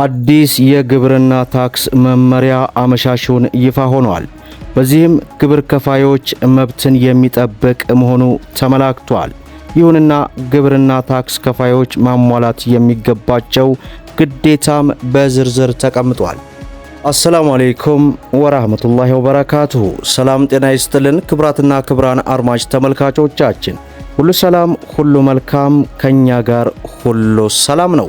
አዲስ የግብርና ታክስ መመሪያ አመሻሹን ይፋ ሆኗል። በዚህም ግብር ከፋዮች መብትን የሚጠብቅ መሆኑ ተመላክቷል። ይሁንና ግብርና ታክስ ከፋዮች ማሟላት የሚገባቸው ግዴታም በዝርዝር ተቀምጧል። አሰላሙ አሌይኩም ወራህመቱላሂ ወበረካቱሁ። ሰላም ጤና ይስጥልን ክብራትና ክብራን አድማጭ ተመልካቾቻችን ሁሉ ሰላም ሁሉ መልካም፣ ከእኛ ጋር ሁሉ ሰላም ነው።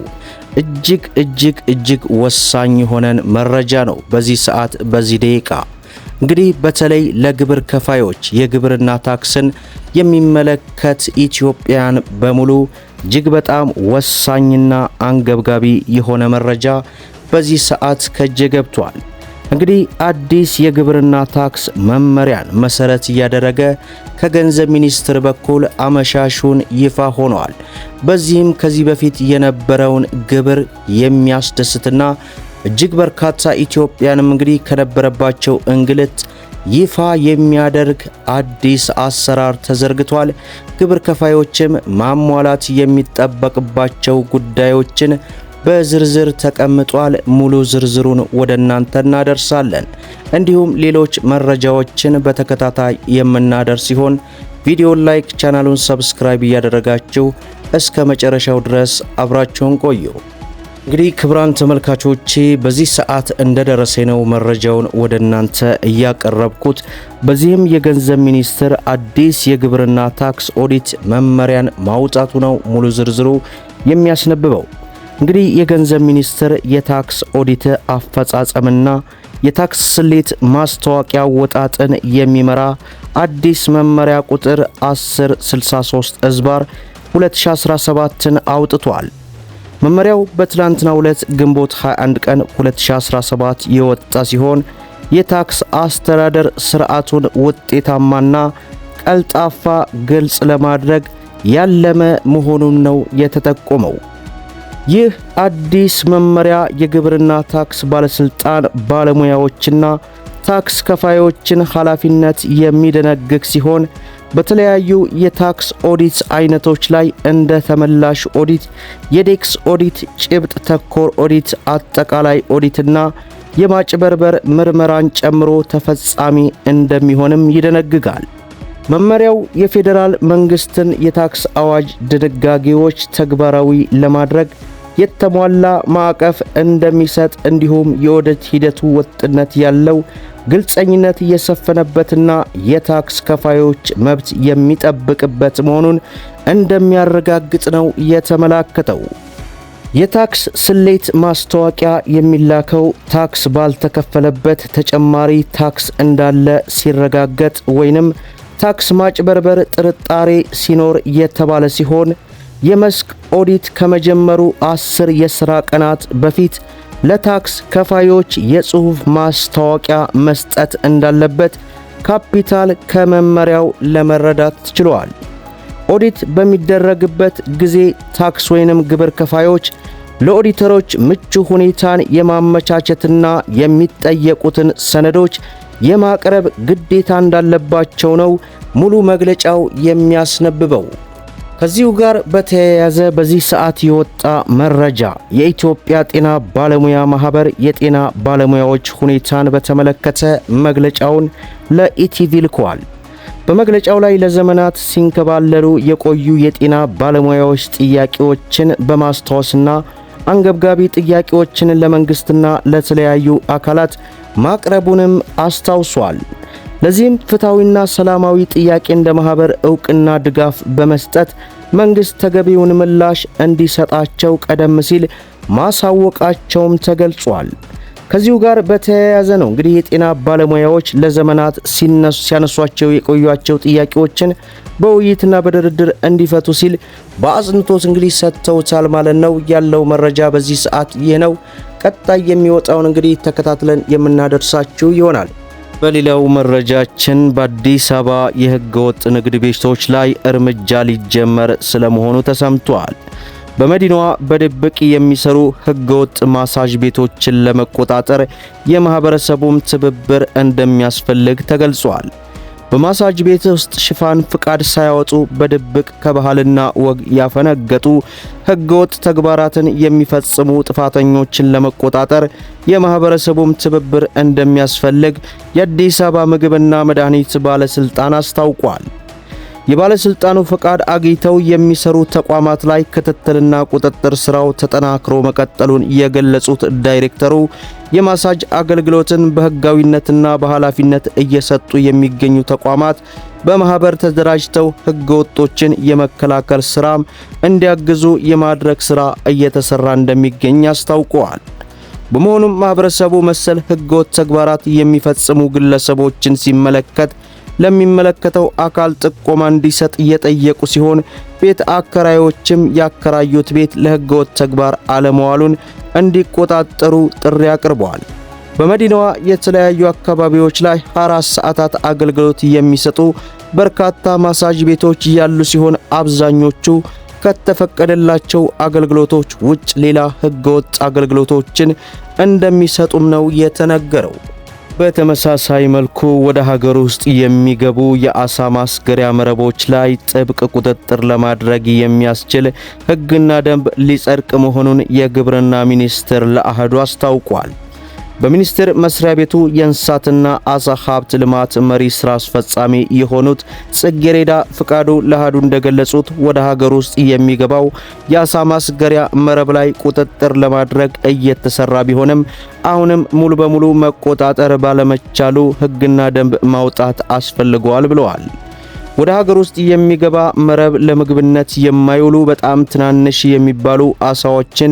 እጅግ እጅግ እጅግ ወሳኝ የሆነን መረጃ ነው። በዚህ ሰዓት በዚህ ደቂቃ እንግዲህ በተለይ ለግብር ከፋዮች የግብርና ታክስን የሚመለከት ኢትዮጵያን በሙሉ እጅግ በጣም ወሳኝና አንገብጋቢ የሆነ መረጃ በዚህ ሰዓት ከእጄ ገብቷል። እንግዲህ አዲስ የግብርና ታክስ መመሪያን መሰረት እያደረገ ከገንዘብ ሚኒስቴር በኩል አመሻሹን ይፋ ሆኗል። በዚህም ከዚህ በፊት የነበረውን ግብር የሚያስደስትና እጅግ በርካታ ኢትዮጵያንም እንግዲህ ከነበረባቸው እንግልት ይፋ የሚያደርግ አዲስ አሰራር ተዘርግቷል። ግብር ከፋዮችም ማሟላት የሚጠበቅባቸው ጉዳዮችን በዝርዝር ተቀምጧል። ሙሉ ዝርዝሩን ወደ እናንተ እናደርሳለን። እንዲሁም ሌሎች መረጃዎችን በተከታታይ የምናደርስ ሲሆን ቪዲዮን ላይክ፣ ቻናሉን ሰብስክራይብ እያደረጋችሁ እስከ መጨረሻው ድረስ አብራችሁን ቆዩ። እንግዲህ ክብራን ተመልካቾቼ በዚህ ሰዓት እንደደረሰ ነው መረጃውን ወደ እናንተ እያቀረብኩት። በዚህም የገንዘብ ሚኒስቴር አዲስ የግብርና ታክስ ኦዲት መመሪያን ማውጣቱ ነው ሙሉ ዝርዝሩ የሚያስነብበው። እንግዲህ የገንዘብ ሚኒስቴር የታክስ ኦዲት አፈጻጸምና የታክስ ስሌት ማስታወቂያ አወጣጥን የሚመራ አዲስ መመሪያ ቁጥር 1063 እዝባር 2017ን አውጥቷል። መመሪያው በትላንትናው ዕለት ግንቦት 21 ቀን 2017 የወጣ ሲሆን የታክስ አስተዳደር ስርዓቱን ውጤታማና ቀልጣፋ ግልጽ ለማድረግ ያለመ መሆኑን ነው የተጠቆመው። ይህ አዲስ መመሪያ የግብርና ታክስ ባለስልጣን ባለሙያዎችና ታክስ ከፋዮችን ኃላፊነት የሚደነግግ ሲሆን በተለያዩ የታክስ ኦዲት አይነቶች ላይ እንደ ተመላሽ ኦዲት፣ የዴክስ ኦዲት፣ ጭብጥ ተኮር ኦዲት፣ አጠቃላይ ኦዲትና የማጭበርበር ምርመራን ጨምሮ ተፈጻሚ እንደሚሆንም ይደነግጋል። መመሪያው የፌዴራል መንግስትን የታክስ አዋጅ ድንጋጌዎች ተግባራዊ ለማድረግ የተሟላ ማዕቀፍ እንደሚሰጥ እንዲሁም የኦዲት ሂደቱ ወጥነት ያለው ግልጸኝነት የሰፈነበትና የታክስ ከፋዮች መብት የሚጠብቅበት መሆኑን እንደሚያረጋግጥ ነው የተመላከተው። የታክስ ስሌት ማስታወቂያ የሚላከው ታክስ ባልተከፈለበት ተጨማሪ ታክስ እንዳለ ሲረጋገጥ ወይንም ታክስ ማጭበርበር ጥርጣሬ ሲኖር የተባለ ሲሆን የመስክ ኦዲት ከመጀመሩ አስር የሥራ ቀናት በፊት ለታክስ ከፋዮች የጽሑፍ ማስታወቂያ መስጠት እንዳለበት ካፒታል ከመመሪያው ለመረዳት ችሏል። ኦዲት በሚደረግበት ጊዜ ታክስ ወይንም ግብር ከፋዮች ለኦዲተሮች ምቹ ሁኔታን የማመቻቸትና የሚጠየቁትን ሰነዶች የማቅረብ ግዴታ እንዳለባቸው ነው ሙሉ መግለጫው የሚያስነብበው። ከዚሁ ጋር በተያያዘ በዚህ ሰዓት የወጣ መረጃ የኢትዮጵያ ጤና ባለሙያ ማህበር የጤና ባለሙያዎች ሁኔታን በተመለከተ መግለጫውን ለኢቲቪ ልከዋል። በመግለጫው ላይ ለዘመናት ሲንከባለሉ የቆዩ የጤና ባለሙያዎች ጥያቄዎችን በማስታወስና አንገብጋቢ ጥያቄዎችን ለመንግስትና ለተለያዩ አካላት ማቅረቡንም አስታውሷል። ለዚህም ፍትሐዊና ሰላማዊ ጥያቄ እንደ ማህበር እውቅና ድጋፍ በመስጠት መንግስት ተገቢውን ምላሽ እንዲሰጣቸው ቀደም ሲል ማሳወቃቸውም ተገልጿል። ከዚሁ ጋር በተያያዘ ነው እንግዲህ የጤና ባለሙያዎች ለዘመናት ሲያነሷቸው የቆዩቸው ጥያቄዎችን በውይይትና በድርድር እንዲፈቱ ሲል በአጽንቶት እንግዲህ ሰጥተውታል ማለት ነው። ያለው መረጃ በዚህ ሰዓት ይህ ነው። ቀጣይ የሚወጣውን እንግዲህ ተከታትለን የምናደርሳችሁ ይሆናል። በሌላው መረጃችን በአዲስ አበባ ወጥ ንግድ ቤቶች ላይ እርምጃ ሊጀመር ስለመሆኑ ተሰምቷል። በመዲናዋ በድብቅ የሚሰሩ ወጥ ማሳጅ ቤቶችን ለመቆጣጠር የማህበረሰቡም ትብብር እንደሚያስፈልግ ተገልጿል። በማሳጅ ቤት ውስጥ ሽፋን ፍቃድ ሳያወጡ በድብቅ ከባህልና ወግ ያፈነገጡ ህገወጥ ተግባራትን የሚፈጽሙ ጥፋተኞችን ለመቆጣጠር የማህበረሰቡም ትብብር እንደሚያስፈልግ የአዲስ አበባ ምግብና መድኃኒት ባለስልጣን አስታውቋል። የባለስልጣኑ ፈቃድ አግኝተው የሚሰሩ ተቋማት ላይ ክትትልና ቁጥጥር ስራው ተጠናክሮ መቀጠሉን የገለጹት ዳይሬክተሩ የማሳጅ አገልግሎትን በህጋዊነትና በኃላፊነት እየሰጡ የሚገኙ ተቋማት በማህበር ተደራጅተው ህገወጦችን የመከላከል ስራም እንዲያግዙ የማድረግ ስራ እየተሰራ እንደሚገኝ አስታውቀዋል። በመሆኑም ማህበረሰቡ መሰል ህገወጥ ተግባራት የሚፈጽሙ ግለሰቦችን ሲመለከት ለሚመለከተው አካል ጥቆማ እንዲሰጥ እየጠየቁ ሲሆን ቤት አከራዮችም ያከራዩት ቤት ለሕገወጥ ተግባር አለመዋሉን እንዲቆጣጠሩ ጥሪ አቅርበዋል። በመዲናዋ የተለያዩ አካባቢዎች ላይ 24 ሰዓታት አገልግሎት የሚሰጡ በርካታ ማሳጅ ቤቶች ያሉ ሲሆን አብዛኞቹ ከተፈቀደላቸው አገልግሎቶች ውጭ ሌላ ሕገወጥ አገልግሎቶችን እንደሚሰጡም ነው የተነገረው። በተመሳሳይ መልኩ ወደ ሀገር ውስጥ የሚገቡ የአሳ ማስገሪያ መረቦች ላይ ጥብቅ ቁጥጥር ለማድረግ የሚያስችል ሕግና ደንብ ሊጸድቅ መሆኑን የግብርና ሚኒስቴር ለአህዱ አስታውቋል። በሚኒስቴር መስሪያ ቤቱ የእንስሳትና አሳ ሀብት ልማት መሪ ስራ አስፈጻሚ የሆኑት ጽጌሬዳ ፍቃዱ ለአሃዱ እንደገለጹት ወደ ሀገር ውስጥ የሚገባው የአሳ ማስገሪያ መረብ ላይ ቁጥጥር ለማድረግ እየተሰራ ቢሆንም አሁንም ሙሉ በሙሉ መቆጣጠር ባለመቻሉ ሕግና ደንብ ማውጣት አስፈልገዋል ብለዋል። ወደ ሀገር ውስጥ የሚገባ መረብ ለምግብነት የማይውሉ በጣም ትናንሽ የሚባሉ አሳዎችን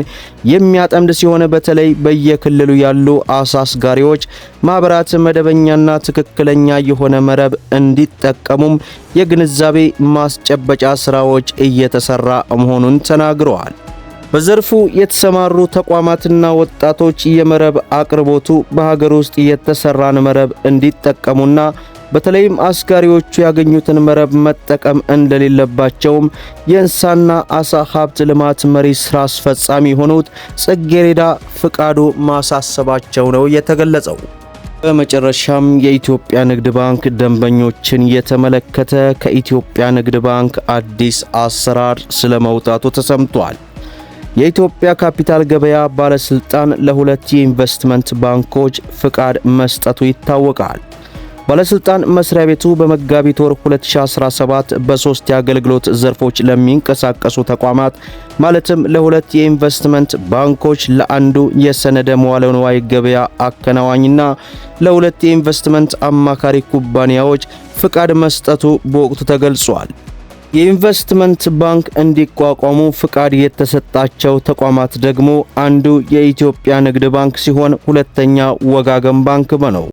የሚያጠምድ ሲሆን በተለይ በየክልሉ ያሉ አሳ አስጋሪዎች ማህበራት መደበኛና ትክክለኛ የሆነ መረብ እንዲጠቀሙም የግንዛቤ ማስጨበጫ ስራዎች እየተሰራ መሆኑን ተናግረዋል። በዘርፉ የተሰማሩ ተቋማትና ወጣቶች የመረብ አቅርቦቱ በሀገር ውስጥ የተሰራን መረብ እንዲጠቀሙና በተለይም አስጋሪዎቹ ያገኙትን መረብ መጠቀም እንደሌለባቸውም የእንስሳና አሳ ሀብት ልማት መሪ ስራ አስፈጻሚ የሆኑት ጽጌሬዳ ፍቃዱ ማሳሰባቸው ነው የተገለጸው። በመጨረሻም የኢትዮጵያ ንግድ ባንክ ደንበኞችን የተመለከተ ከኢትዮጵያ ንግድ ባንክ አዲስ አሰራር ስለመውጣቱ ተሰምቷል። የኢትዮጵያ ካፒታል ገበያ ባለስልጣን ለሁለት የኢንቨስትመንት ባንኮች ፍቃድ መስጠቱ ይታወቃል። ባለስልጣን መስሪያ ቤቱ በመጋቢት ወር 2017 በሶስት የአገልግሎት ዘርፎች ለሚንቀሳቀሱ ተቋማት ማለትም ለሁለት የኢንቨስትመንት ባንኮች፣ ለአንዱ የሰነደ መዋለ ንዋይ ገበያ አከናዋኝና ለሁለት የኢንቨስትመንት አማካሪ ኩባንያዎች ፍቃድ መስጠቱ በወቅቱ ተገልጿል። የኢንቨስትመንት ባንክ እንዲቋቋሙ ፍቃድ የተሰጣቸው ተቋማት ደግሞ አንዱ የኢትዮጵያ ንግድ ባንክ ሲሆን ሁለተኛ ወጋገን ባንክ ነው።